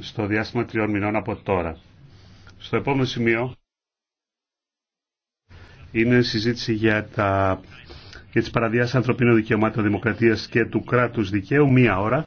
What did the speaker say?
στο διάστημα τριών μηνών από τώρα. Στο επόμενο σημείο είναι συζήτηση για, τα, για τις παραδιάσεις ανθρωπίνων δικαιωμάτων δημοκρατίας και του κράτους δικαίου μία ώρα.